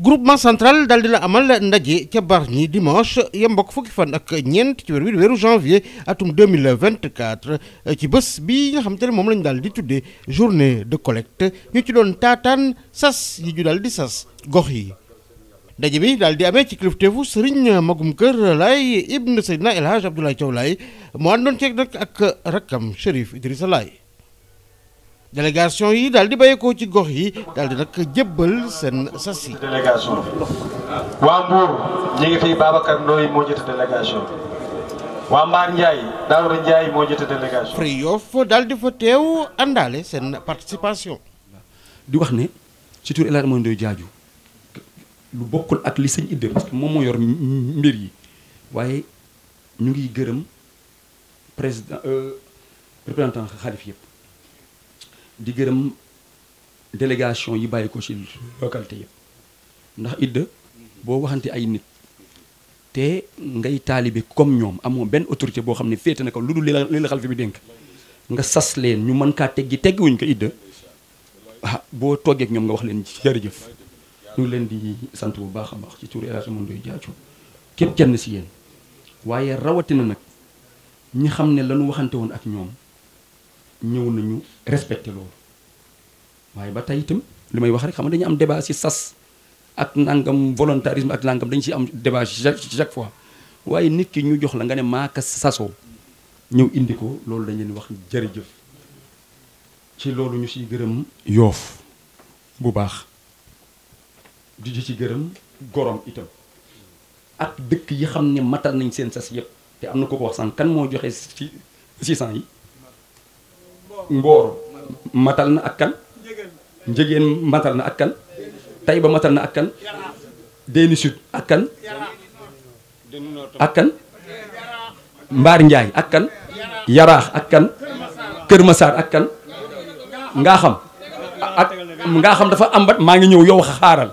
groupement central daal amal ndaje ca Bargny dimanche yem mbokk fukki fan ak ñent ci weer wi janvier atum 2024 ci bés bi nga xam te ne moom lañu di tuddee journée de collecte ñu ci doon taataan sas yi ju dal di sas gox yi ndaje bi dal di amee ci kilifteefu Serigne Magum Kër lay ibn Seydina El Hajj Abdoulaye Thiaw Laay mu àndoon ceeg nag ak Rakam, Chérif Idrissa délégation yi daal di bàyyeekoo ci gox yi daal di nag jébbal seen sas yi. délégation waa Mbour ñu ngi fi Babacar Ndoye moo jiite délégation waa Mbaar Ndiaye Daouda Ndiaye moo jiite délégation. après Yoff daal di fa teew àndaale seen participation. di wax ne ci tur El Hadj Ndoye lu bokkul ak li sëñ Idda parce moom moo yor mbir yi waaye ñu ngi gërëm président euh, représentant xalif yëpp. di gërëm délégation yi bàyyi ko ci localité yëpp ndax idda boo waxante ay nit te ngay taalibe comme ñoom amoo benn autorité boo xam ne féete na ko lu dul li la li la bi dénk nga sas leen ñu mën kaa teggi teggiwuñ ko idda ah, boo toggee ñoom nga wax leen jërëjëf ñu ngi leen di sant bu baax a baax ci tur El Hadj Mandoy Diathio képp kenn si yéen waaye rawatina nag ñi xam ne lañu waxante woon ak ñoom ñëw nañu respecté loolu waaye ba tey itam li may wax rek xam nga dañu am débat ci sas ak nangam volontarisme ak nangam dañ ci am débat chaque fois waaye nit ki ñu jox la nga ne maaka sasoo ñëw indi ko loolu dañ leen wax jërëjëf ci loolu ñu ciy gërëm yoof bu baax di ci gërëm gorom itam ak dëkk yi xam ne matal nañ seen sas yëpp te am na ko ko wax sànq kan moo joxe ci 600 yi Ngor matal na ak kan Njëgeen matal na ak kan tayba matal na ak kan deni Sud ak kan ak kan mbar njay ak kan Yaraax ak kan keur masar ak kan nga xam ak nga xam dafa am ba ngi ñew yow xaaral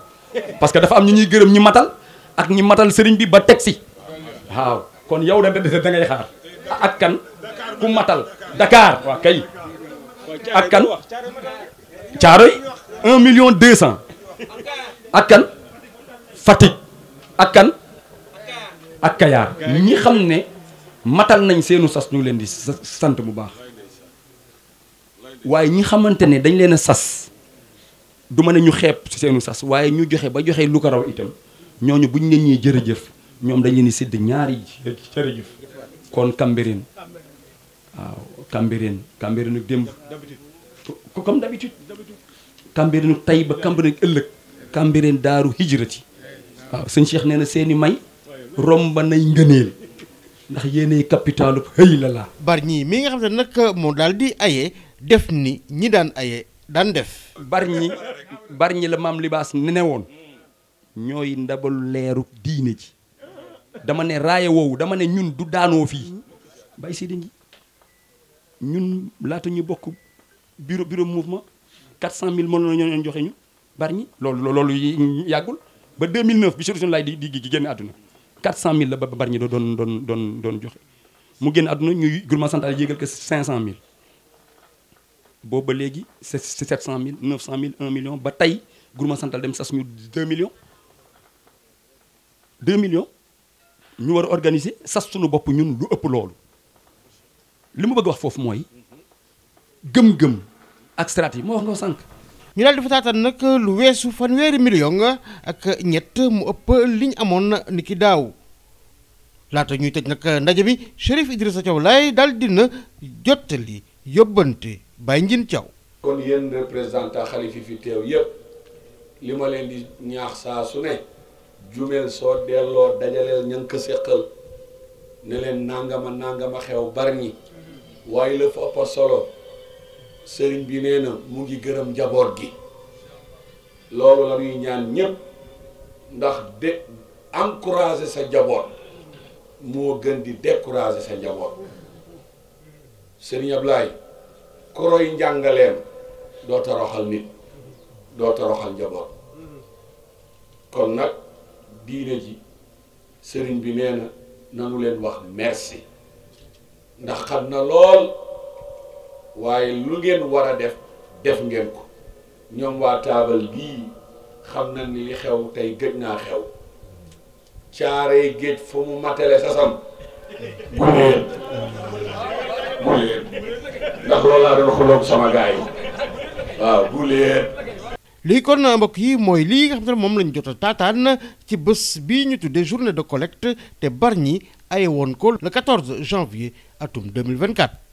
parce que dafa am ñu ñuy gëreem ñi matal ak ñi matal sëriñ bi ba si waaw kon yow da da ngay xaar ak kan ku matal Dakar wa kay ak kan Caaroy un million deux cent ak kan Fatick ak ak Kayaar ñi xam ne matal nañ seenu sas ñu leen di sant bu baax waaye ñi xamante ne dañ leen a sas duma ma ne ñu xeeb ci seenu sas waaye ñu joxe ba joxe lu ko raw itam ñooñu buñ leen ñuy jërëjëf ñoom dañ leen di sédd ñaari jërëjëf kon Cambérène waaw Cambérène Cambérène ak démb ko comme tey ba Cambérène ak ëllëg Cambérène daaru hijrati waaw sëñ Cheikh nee na seeni may romba nay ngëneel ndax yéenay capitalu xëy la laa Bargny mi nga xam ne nag moo daal di aye def ni ñi daan aye daan def Bargny Bargny la maam libaas ne woon ñooy ndabalu leeru diine ji dama ne raaya woowu dama ne ñun du daanoo fii bay ñun laata beaucoup bokk bureau bureau mouvement 400 000 nañu ont ñu ñi loolu loolu ba 2009 bi Cheikh Ousseynou de di di génn 000 400000 la ba bari ñi doon doon doon doon mu génn aduna ñu groupement central 500 ko 500000 boobu ba léegi 1 million ba tey central dem sas 2 millions 2 millions nous war organisé organiser sas suñu bopp ñun lu ëpp loolu. li ma bëgg wax foofu mooy gëm-gëm ak yi moo wax nga sànq. ñu daal di fa nag lu weesu fanweeri million ak ñett mu ëpp liñ amoon ni ki daaw laata ñuy tëj nag ndaje bi Chérif Idrissa Thiaw laay daal dina jottali yóbbante Baye Ndiine Thiaw. kon yéen représentant xalif yi fi teew yépp li ma leen di ñaax saa su ne jumeel soo delloo dajaleel ña ko séqal ne leen nangama nangama xew bari ñi waaye la fa solo sëriñ bi nee na mu ngi gërëm njaboot gi loolu la ñaan ñépp ndax de encourager sa njaboot moo gën di décourager sa njaboot sëriñ Ablaye ku roy njàngaleem doo toroxal nit doo toroxal njaboot kon nag diine ji sëriñ bi nee na nanu leen wax merci ndax xam na lool waaye lu ngeen war a def def ngeen ko ñoom waa taabal bii xam na ni li xew tey gëj naa xew caaree géej fa mu matale sasam bu leen bu leen ndax loolu laa doon xuloog sama gaay yi waaw bu leen kon kon mbokk yi mooy lii nga xam ne moom lañ jot a na ci bés bii ñu tudde journée de collecte te ñi à Call le 14 janvier 2024.